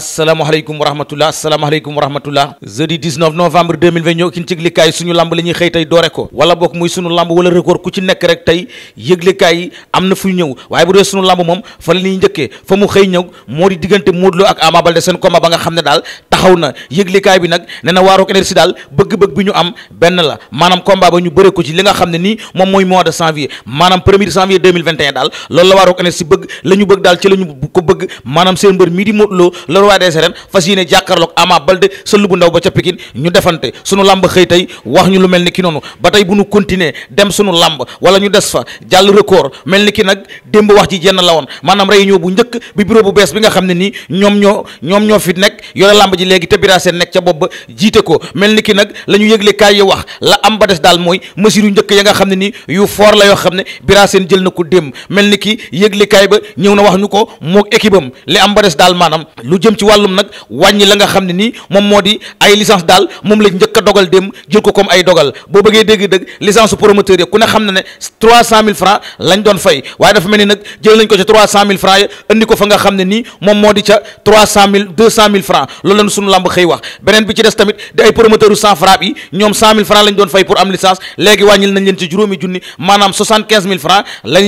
asalaamaaleykum wa rahmatullah asalaamaaleykum wa rahmatullah jeudi 19 novembre 2020 ñoo kin ci yëglikaay suñu lamb la ñuy xëy tey doore ko wala bokk muy suñu lamb wala record ku ci nekk rek tey yëglikaay am na fu ñu ñëw waaye bu dee suñu lamb moom fa la njëkkee fa mu xëy ñëw moo di diggante Modou Lo ak Ama Baldé seen combat ba nga xam ne daal xaw na yëglikaay bi nag ne na waarok énergie daal bëgg-bëgg bi ñu am benn la maanaam combat ba ñu bëre ko ci li nga xam ne nii moom mooy mois de janvier maanaam premier janvier 2021 daal loolu la waarok énergie bëgg la bëgg daal ci la bëgg maanaam seen mbër mii di Modou Lo le roi des arènes fas yéene ndaw ba ca Pikine ñu defante sunu làmb xëy tey wax ñu lu mel ni ki noonu ba tey bu ñu continuer dem sunu làmb wala ñu des fa jàll record mel ni ki nag démb wax ji jenn la woon maanaam réunion bu njëkk bi bureau bees bi nga xam ne nii ñoom ñoo ñoom ñoo fi nekk yore làmb léegi te Bira Sène nekk ca bopp ba jiite ko mel ni ki nag la ñu yëgle kaay yi wax la am ba des daal mooy mesure yu njëkk ya nga xam ne nii yu fort la yoo xam ne Bira Sène jël na ko démb mel ni ki yëgle kaay ba ñëw na wax ñu ko moog équipe li am ba des daal maanaam lu jëm ci wàllum nag wàññi la nga xam ne nii moom moo di ay licence daal moom lañ njëkk a dogal démb jël ko comme ay dogal boo bëggee dégg-dëgg licence promoteur yi ku ne xam ne ne trois cent mille francs lañ doon fay waaye jël nañ ko ca trois cent mille francs ko fa nga xam ne nii moom moo di ca trois cent mille beneen bi ci des tamit di ay promoteur u cent yi ñoom cent mille francs doon fay pour am licence léegi wàññil nañ leen ci juróomi junni maanaam soixante-quinze mille francs la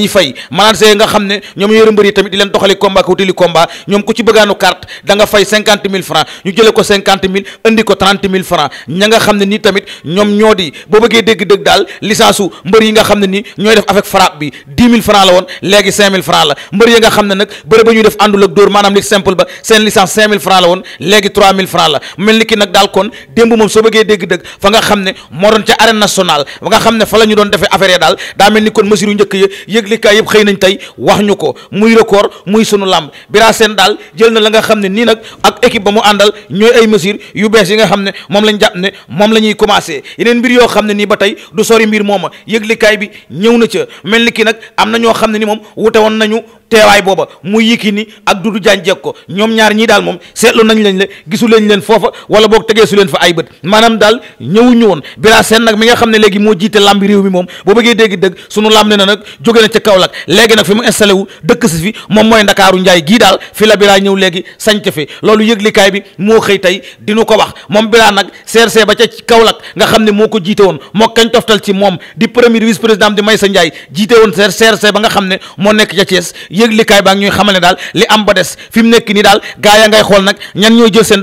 da seen licence cinq mille la woon léegi mille francs la mel ni ki nag daal kon démb moom soo bëggee dégg-dëgg fa nga xam ne moo doon ca arène nationale fa nga xam ne fa la ñu doon defee affaire daal daa mel ni kon mesure yu njëkk ya yëglikaay yëpp xëy nañ tey wax ñu ko muy record muy sunu làmb bira seen daal jël na la nga xam ne nii nag ak équipe ba mu àndal ñooy ay mesure yu bees yi nga xam ne moom lañ jàpp ne moom la ñuy yeneen mbir yoo xam ne nii ba tey du sori mbir mooma yëglikaay bi ñëw teewaay booba mu Yékini ak Doudou Diagne ko ñoom ñaar ñii daal moom seetlu nañ leen le gisu leen leen foofa wala boog tegee su leen fa ay bët maanaam daal ñëwuñu woon Bira Sène nag mi nga xam ne léegi moo jiite làmbi réew mi moom boo bëggee dégg dëgg sunu làmb ne na nag jóge na ca Kaolack léegi nag fi mu installé wu dëkk si fi moom mooy Ndakaaru Njaay gii daal fi la Bira ñëw léegi sañc fi loolu yëglikaay bi moo xëy tey dinu ko wax moom Bira nag CRC ba ca Kaolack nga xam ne moo ko jiite woon moo kañ toftal moom di premier vice président di Maysa Njaay jiite nga xam ne moo nekk ca yëglikaay baa ngi ñuy xamal ne daal li am ba des fi mu nekk nii daal gaa ya ngay xool nag ñan ñooy jël seen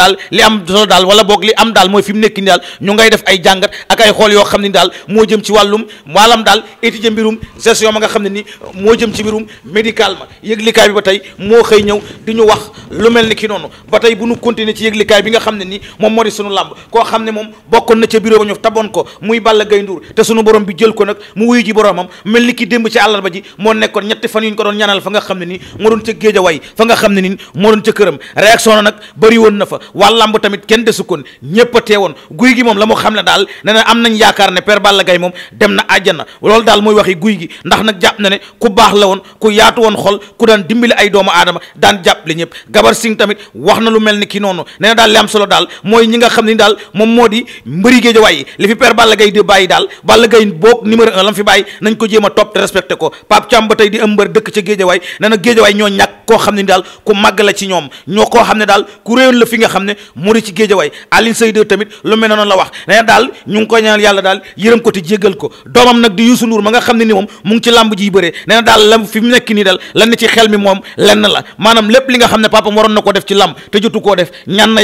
daal li am solo daal wala boog li am daal mooy fi mu nekk ni daal ñu ngay def ay jàngat ak ay xool yoo xam ne ni daal moo jëm ci wàllum maalam daal étudier mbirum gestion ma nga xam ma ba tey moo xëy ñëw di ñu wax lu mel ni bi nga xam ne ni moom moo di sunu làmb koo moom bokkoon na ca bureau ba ñu ko muy Balla Gaye Ndour te sunu borom bi jël ko nag mu wuyu ji mel ni ki démb ci àllarba moo nekkoon ñetti fan yu ñu ko doon ñaanal fa nga xam ne ni moo doon ca géejawaay fa nga xam këram réaction na nag bëri na fa waa lamb tamit kenn desu koon ñépp a woon guy gi moom la mu xam ne daal ne am nañ yaakaar ne per Balla gay moom dem na àjjana loolu daal mooy waxi guy gi ndax na jàpp na ne ku baax la woon ku yaatu woon xol ku daan dimbali ay doomu aadama daan jàppale ñëpp Gabar Singh tamit wax na lu mel ni ki noonu nee daal li am solo daal mooy ñi nga xam ne daal moom moo di mbëri Géejawaay li fi Père Balla Gaye di bàyyi daal Balla Gaye boog numéro un lam fi bàyyi nañ ko jéem a topp te ko Pape Thiam tey di ëmbër dëkk ca Géejawaay nee na Géejawaay ñoo ñàkk koo xam ne daal ku màgg la ci ñoom ñoo koo xam ne daal ku réyoon la fi nga xam ne mu di ci géejawaay Alioune Seye 2 tamit lu mel noonu la wax nee daal ñu ngi koy ñaanal yàlla daal yërëm ko te jéggal ko doomam nag di Youssou Ndour mu li nga xam ne papam waroon na ko def ci làmb te jotu koo def xam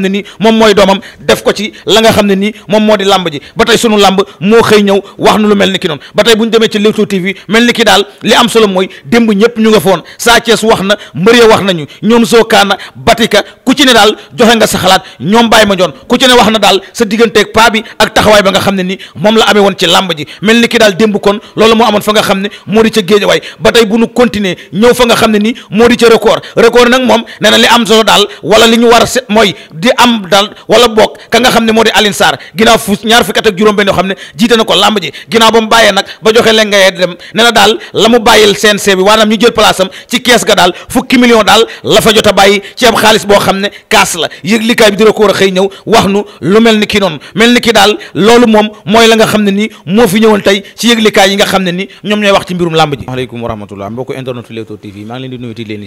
ne nii moom mooy doomam def ko ci la nga xam ne nii moom moo di làmb ji ba tey sunu làmb moo xëy ñëw wax nu lu mel ni ki noonu ba tey bu ñu demee ci Leewtoo TV mel ni ki daal li am solo mooy démb ñëpp ñu nga foon Sa Niass wax na mbër ya wax nañu ñoom Sokana Batika ku ci ne daal joxe nga sa xalaat ñoom Baye Mandione ku ne wax na daal sa digganteeg paa ak taxawaay ba nga xam ne ni moom la amee woon ci làmb ji mel ni ki daal démb kon loolu moo amoon fa nga xam ne moo di ca géejawaay ba tey bu xam ne ni moo di ca record record nag moom nee na am solo daal wala li ñu war mooy di am daal wala bokk ka nga xam ne moo di Alioune Sarr ginnaaw fu ñaar fukki at ak juróom-benn yoo xam ne jiite na ko làmb ji ginnaaw ba mu bàyyee nag ba joxe leen nga dem ne na daal la mu bàyyil CNC bi waanaam ñu jël place ci kees kees ga fukki million daal la jot a bàyyi ci am xaalis boo xam ne kaas la yëg bi dina ko xëy ñëw wax nu lu mel ni ki noonu mel ni ki daal loolu moom mooy la nga xam ne nii moo fi ñëwoon tey ci yëglikaay yi nga xam ne ni ñoom ñooy wax ci mbirum làmb ji waaleykum wa rahmatullah mbokk internet Leewtoo TV maa ngi leen di nuyu di leen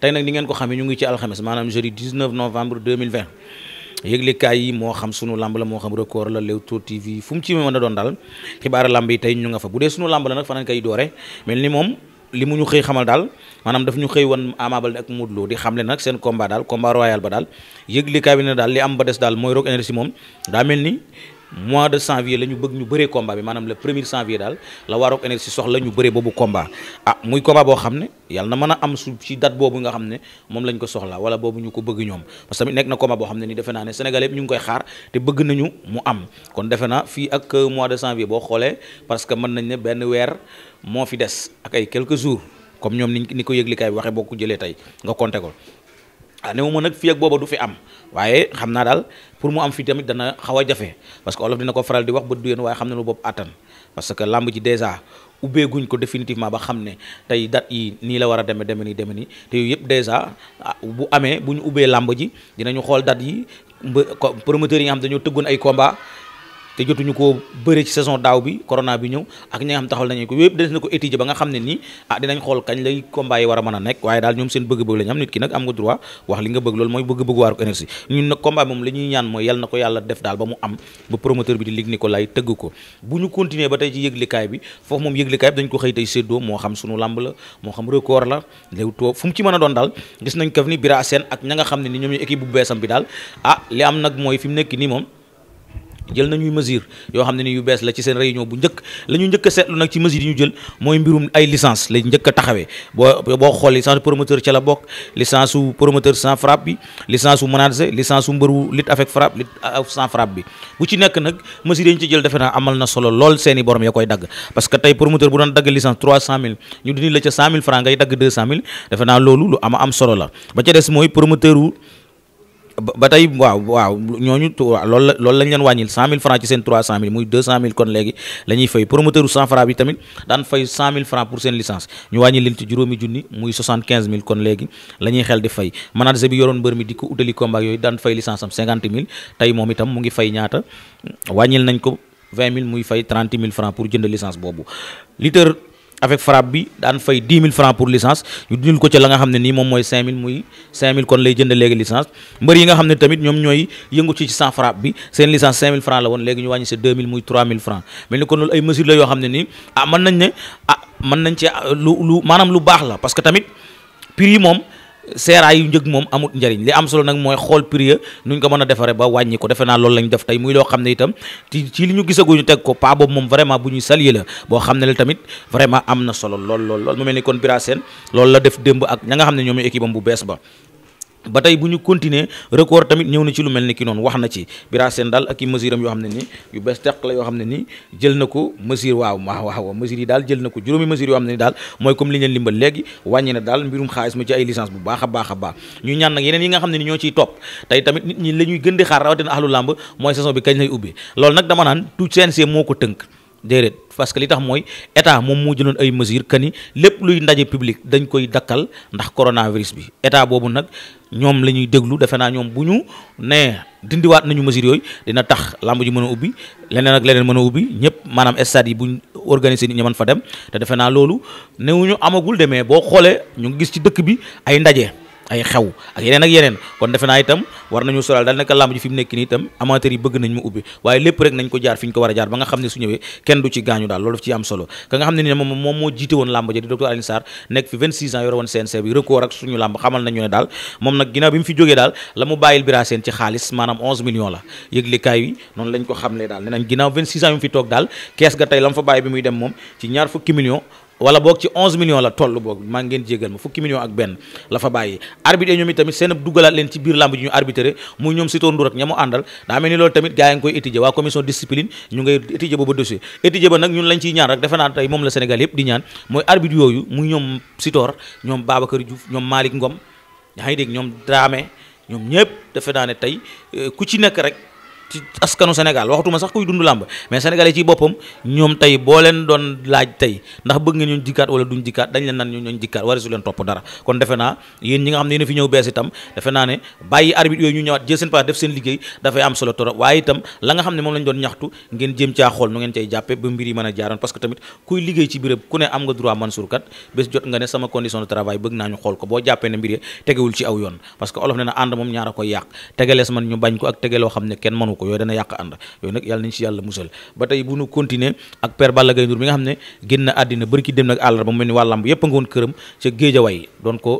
tey nag ni ngeen ko xamee ñu ngi ci alxames maanaam jeudi novembre 2020 yi moo xam sunu lamb la moo xam record la Leewtoo bu dee sunu li mu ñu xëy xamal daal maanaam daf ñu xëy wan Ama Baldé ak Modou Lô di ne nag seen combat daal combat royal ba daal yëg li kaay bi ne daal li am ba des daal mooy Rock Énergie moom daa mel ni mois de janvier la ñu bëgg ñu bëree combat bi maanaam le premier janvier daal la Warok énergie soxla ñu bëree boobu combat ah muy combat boo xam ne yàlla na mën a am su ci date boobu nga xam ne moom lañ ko soxla wala boobu ñu ko bëgg ñoom parce que tamit nekk na boo xam ne ni defe ne Sénégal yëpp ñu ngi koy xaar te mu am kon defe naa fii ak euh, mois de janvier boo xoolee parce que mën nañ ne benn weer moo fi des ak ay quelques jours comme ñoom ni ni ko yëglikaay bi waxee boo ko jëlee tey nga compté ko ah ne ma nag fii ak booba du fi am waaye xam naa daal pour mu am fi tamit dana xaw a jafe parce que olof dina ko faral di wax ba du yéen waaye xam na lu bopp attan parce que làmb ji dèjà ubbeeguñ ko définitivement ba xam ne tey dat yi nii la war a deme deme nii deme nii te yooyu yëpp dèjà ah, bu amee bu ñu ubbee làmb ji dinañu xool dat yi mba promoteurs yi nga xam dañoo tëggoon ay combat te jotuñu koo bëre ci saison daaw bi corona bi ñëw ak ko yëpp des na ko étudier ne nii ah dinañ xool kañ lay a a nekk waaye daal ñoom seen bëgg-bëgg am ña nga xam ne ni ñoom ñu équipe bu beesam bi daal ah li am nag mooy fi nekk nii moom jël nañuy mesure yoo xam ne ni yu bees la ci seen réunion bu njëkk la njëkk a nag ci mesure yi ñu jël mooy mbirum ay licence la njëkk a boo xool licence promoteur ca la bokk licence su promoteur bi licence su manager licence su mbëru lutte avec frappe lutte euh, sans bi bu ci nekk nag mesure yi ñu ci jël defe naa amal na solo lool seen i borom ya koy dagg parce que tey promoteur bu doon dagg licence trois cent mille ñu dindi la ca cent mille francs ngay dagg ba tey waaw waaw ñooñu waaw loolu la leen wàññil cent mille francs ci seen trois cent mille muy deux cent mille kon léegi la u cent xel di fay manager bi yoroon mbër mi di ko utali combat yooyu daan fay licence am cinquante mille tey moom itam mu ngi fay ñaata wàññil nañ ko mille muy fay trente mille francs pour jënd licence boobu avec frappe bi daan fay dix mille francs pour licence ñu dindil ko ci la nga xam ne nii moom mooy cinq mille muy cinq mille kon lay jënd léegi licence mbër yi nga xam ne tamit ñoom ñooy yëngu ci sans frappe bi seen licence cinq mille francs la woon léegi ñu wàññi sa deux mille muy trois mille francs mel ni kon loolu ay mesures la yoo xam ne nii ah mën nañ ah, ci lu lu maanaam lu baax la parce tamit prix yi moom seeraay yu njëg moom amut njariñ li am solo nag mooy xool prix nuñ ko mën a defare ba wàññi ko defe naa loolu lañu def tey muy loo xam ne itam ci ci li ñu gisaguñu teg ko pas boobu moom vraiment bu ñuy saluer la boo xam ne la tamit vraiment am na solo lool lool lool mu mel ni kon Bira Sène la def démb ak ña nga xam ne ñoom équipe bu bees ba ba tey bu ñu continuer record tamit ñëw na ci lu mel ni ki noonu wax na ci Bira daal ak i mesure am yoo xam ne ni yu bees teq la yoo xam ne ni jël na ko mesure waaw waaw waaw mesure yi daal jël na ko juróomi mesure yoo xam ne ni daal mooy comme li ñu leen limbal léegi wàññi na daal mbirum xaalis ma ci ay licence bu baax a baax a baax ñu ñaan nag yeneen yi nga xam ne ni ñoo ciy topp tey tamit nit ñi la ñuy gën di xaar rawatina ahlu làmb mooy saison bi kañ lay ubbi loolu nag dama naan tout CNG moo ko déedéet parce que li tax mooy état moom moo jëloon ay mesures que ni lépp luy ndaje public dañ koy dakkal ndax coronavirus bi état boobu nag ñoom lañuy déglu defe naa ñoom bu ñu nee dindiwaat nañu mesures yooyu dina tax làmb ji mën a ubbi leneen ak leneen mën a ubbi ñëpp maanaam stade yi buñ organisé nit ñi mën fa dem te defe naa loolu néew ñu amagul demee boo xoolee ñu ngi gis ci dëkk bi ay ndaje. ay xew ak yeneen ak yeneen kon defe naa itam war nañu soral daal naka làmb ji fi mu nii itam amateur yi bëgg nañ mu ubbi waaye lépp rek nañ ko jaar fi ñu ko war a jaar ba nga xam ne su ñëwee kenn du ci gaañu daal loolu daf ci am solo ka nga xam ne ni moom moom moo jiite woon làmb ja di docteur Alioune Sarr nekk fi 26 ans yore woon CNG bi record ak suñu làmb xamal nañu ne daal moom nag ginnaaw bi mu fi jógee daal la mu bàyyil Bira Sène ci xaalis maanaam 11 millions la yëglikaay yi noonu lañ ko xamlee daal ne nañ ginnaaw 26 ans yu mu fi toog daal wala boog ci 11 millions la toll boog maa ngeen jégal ma fukki millions ak benn la fa bàyyi arbitre ñoom itamit seen duggalaat leen ci biir làmb ji ñu arbitré muy ñoom si toondu rek ña mu àndal daa mel ni loolu tamit gars yi ngi koy étudier waa commission discipline ñu ngay étudier booba dossier étudier ba nag lañ ciy ñaan rek defe naa tey moom la Sénégal yëpp di ñaan mooy arbitre yooyu muy ñoom Sitor ñoom Babacar Diouf ñoom Malick Ngom yaa ngi dégg ñoom Dramé ñoom ñëpp defe naa ne tey eh, ku ci nekk rek ci askanu Sénégal waxatuma sax kuy dund làmb mais sénégalais ci boppam ñoom tey boo leen doon laaj tey ndax bëgg ngeen ñun jikkaat wala duñ jikkaat dañ leen naan ñu ñooñ jikkaat wara su leen topp dara kon defe naa yéen ñi nga xam ne doon ñaxtu ngeen jéem caa xool nu ngeen cay jàppe ba mbir yi mën a jaaroon parce que tamit kuy liggéey ci béréb ku ne am nga droit Mansour kat bés jot nga ne sama condition de travail bëgg naa ñu xool ko boo jàppee ne mbir yi tegewul ci aw yoon parce olof ne na ànd moom ñaar a koy yàq tegelees man ñu bañ ko ak tegeloo ne kenn mënu ko yooyu dana yàq ànd yooyu nag yàlla nañ ci yàlla musal ba tey bu nu continuer ak père Balla Gaye Ndour mi nga xam ne génn àddina bërki dem nag àllarba mu mel ni waa làmb yépp a nga woon këram ca Géejawaay doon ko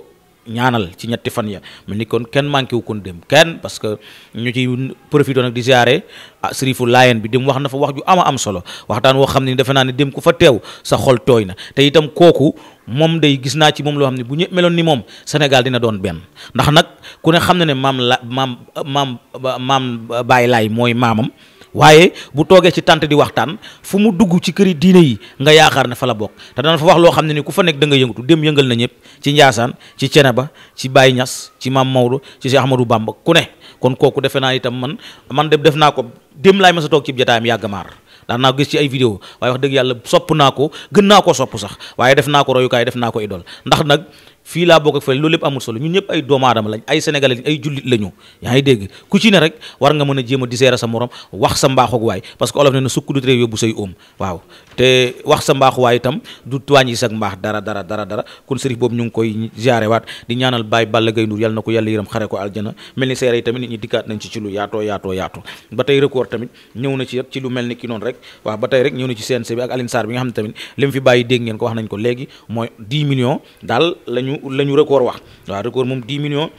ñaanal ci ñetti fan ya mu ni kon kenn manqué wu kon dem kenn parce que ñu ci profité nag di ziare ah sërifu laayeen bi dem wax na fa wax ju ama am solo waxtaan woo xam ne defe naa ne dem ku fa teew sa xol tooy na te itam kooku moom dey gis naa ci moom loo xam ne bu ñëpp meloon ni moom Sénégal dina doon benn ndax nag ku ne xam na ne maam la maam maam maam Baay Laay mooy maamam waaye bu toogee ci tànt di waxtaan fu mu dugg ci këri diine yi nga yaakaar ne fa la bokk te dana fa wax loo xam ne ni ku fa nekk da nga yëngatu dem yëngal na ñëpp ci Njaasaan ci ba ci Baye Ñas ci Maam Maodo ci Cheikh Ahmadou Bamba ku ne kon kooku defe naa itam man man de def naa ko dem laay ma sa toog ci jotaayam yàgg maar daan naa ko gis ci ay vidéo waaye wax dëgg yàlla sopp naa ko gën naa ko sopp sax waaye def naa ko royukaay def naa ko idol fii laa bokk ak fële loolu lépp amul solo ñun ñëpp ay doomu aadama lañ ay sénégalais ay jullit la ñu yaa ngi dégg ku ci a a na ba rek ci ba tey rek ñëw na ci CNC bi ak Aline Sarr bi nga xam ne tamit li mu fi bàyyi dégg ngeen ko wax nañ ko léegi mooy 10 millions daal lañu lañu la ñu record wax waaw record moom 10 millions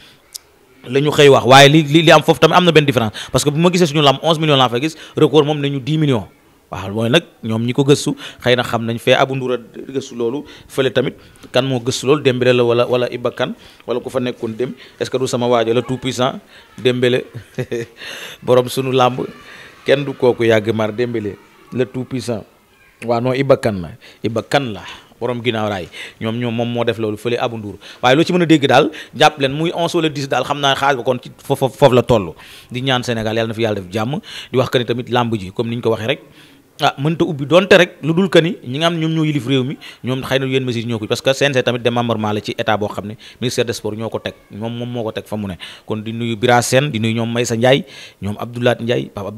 la xëy wax waaye li li li am foofu tamit am na benn différence parce que bu ma gisee suñu lam 11 millions laa fa gis record moom nañu 10 millions waaw mooy nag ñoom ñi ko gëstu xëy na xam nañ fee abu nduur a gëstu loolu fële tamit kan moo gëstu loolu la wala wala Iba Kane wala ku fa nekkoon dem est que du sama waajo la tout puissant dembele borom suñu làmb kenn du kooku yàgg mar dembele le tout puissant waaw non la borom ginnaaw raay ñoom ñoom moom moo def loolu fële abu nduur waaye loo ci mën a dégg daal jàpp leen muy onze wala dix daal xam naa xaaj ba kon ci la toll di ñaan Sénégal yàlla na fi yàlla def jàmm di wax que comme ni ñu waxee rek ah mënta ubbi donte rek ni ñi nga xam ñoom ñoo yilif réew mi ñoom xëy na yéen mesures ñoo ko parce que CNG tamit démembrement la ci état boo xam ne ministère des sports ñoo ko teg moom moom moo ko teg fa mu ne kon di nuyu Bira Sène di nuyu ñoom Maysa Ndiaye ñoom Abdoulaye Ndiaye Pape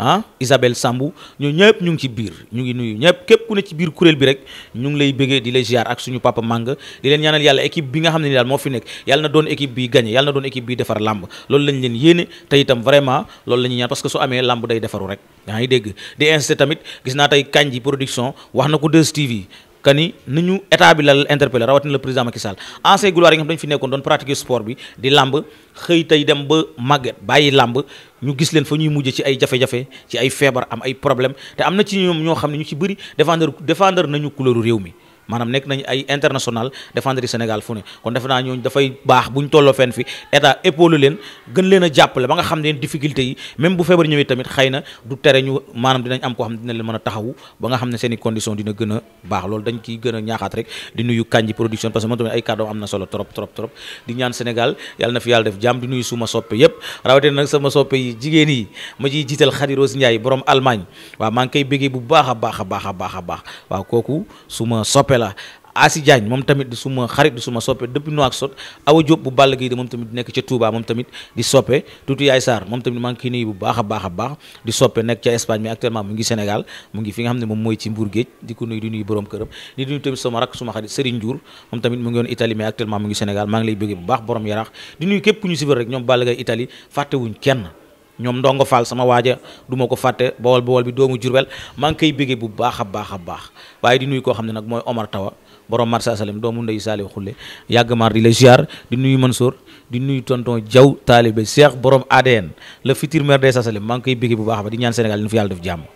ah Isabelle Sambou ñoo ñëpp ñu ngi ci biir ñu ngi nuyu ñëpp képp ku ne ci biir kuréel bi rek ñu ngi lay bëggee di la ziar ak suñu papa Manga di leen ñaanal yàlla équipe bi nga xam ne ni daal moo fi nekk yàlla na doon équipe bi gagné yàlla na doon équipe bi defar làmb loolu lañ leen yéene te itam vraiment loolu la ñuy ñaan parce que su amee làmb day defaru rek yaa ngi dégg di insisté tamit gis naa tey Kandji production wax na ko 2STV que ni ni ñu état bi la interpellé rawatina le président Macky Sall ancien gloire yi nga xam dañu fi nekkoon doon pratiquer sport bi di làmb xëy tey dem ba màgget bàyyi làmb ñu gis leen fa ñuy mujj ci ay jafe-jafe ci ay feebar am ay problème te am na ci ñoom ñoo xam ne ñu ci bëri défendre défendre nañu couleuru réew mi maanaam nekk nañ ay international défendre Sénégal fu ne kon defe ñooñu dafay baax bu ñu tolloo fenn fi état épaule leen gën leen a jàppale ba nga xam ne difficulté yi même bu feebar ñëwee tamit xëy du tere ñu maanaam dinañ am koo xam ne dina leen mën a taxawu ba nga xam ne seen condition dina gën a baax loolu dañ ciy gën ñaaxaat rek di nuyu Kandji production parce que man tamit ay kàddoom am na solo trop trop di ñaan Sénégal yàlla na fi bu baax a baax a baax a Fela Asi moom tamit suma xarit di suma soppe depuis Nouakchott Awa Diop bu Balla Gaye de moom tamit nekk ca Touba moom tamit di soppe tuuti Yaay Sarr moom tamit maa ngi koy nuyu bu baax a baax a baax di soppe nekk ca Espagne mais actuellement mu ngi Sénégal mu ngi fi nga xam ne moom mooy ci Mbour géej di ko nuyu di nuyu borom këram di nuyu tamit sama rak suma xarit Serigne Ndiour moom tamit mu ngi woon Italie mais actuellement mu ngi Sénégal maa ñoom ndongo Fall sama waaja duma ko fàtte bawol bawol bi doomu Jurbel maa ngi koy bu baax a baax a baax waaye di nuy koo xam ne nag mooy Omar Tawa borom marsa salim doomu ndey saali xulle yàgg maar di la ziar di nuyu Mansour di nuyu tonton Diaw taalibe Cheikh borom ADN le futur maire de Sasalim maa ngi koy béggee bu baax a baax di ñaan Sénégal li ñu fi yàlla def jàmm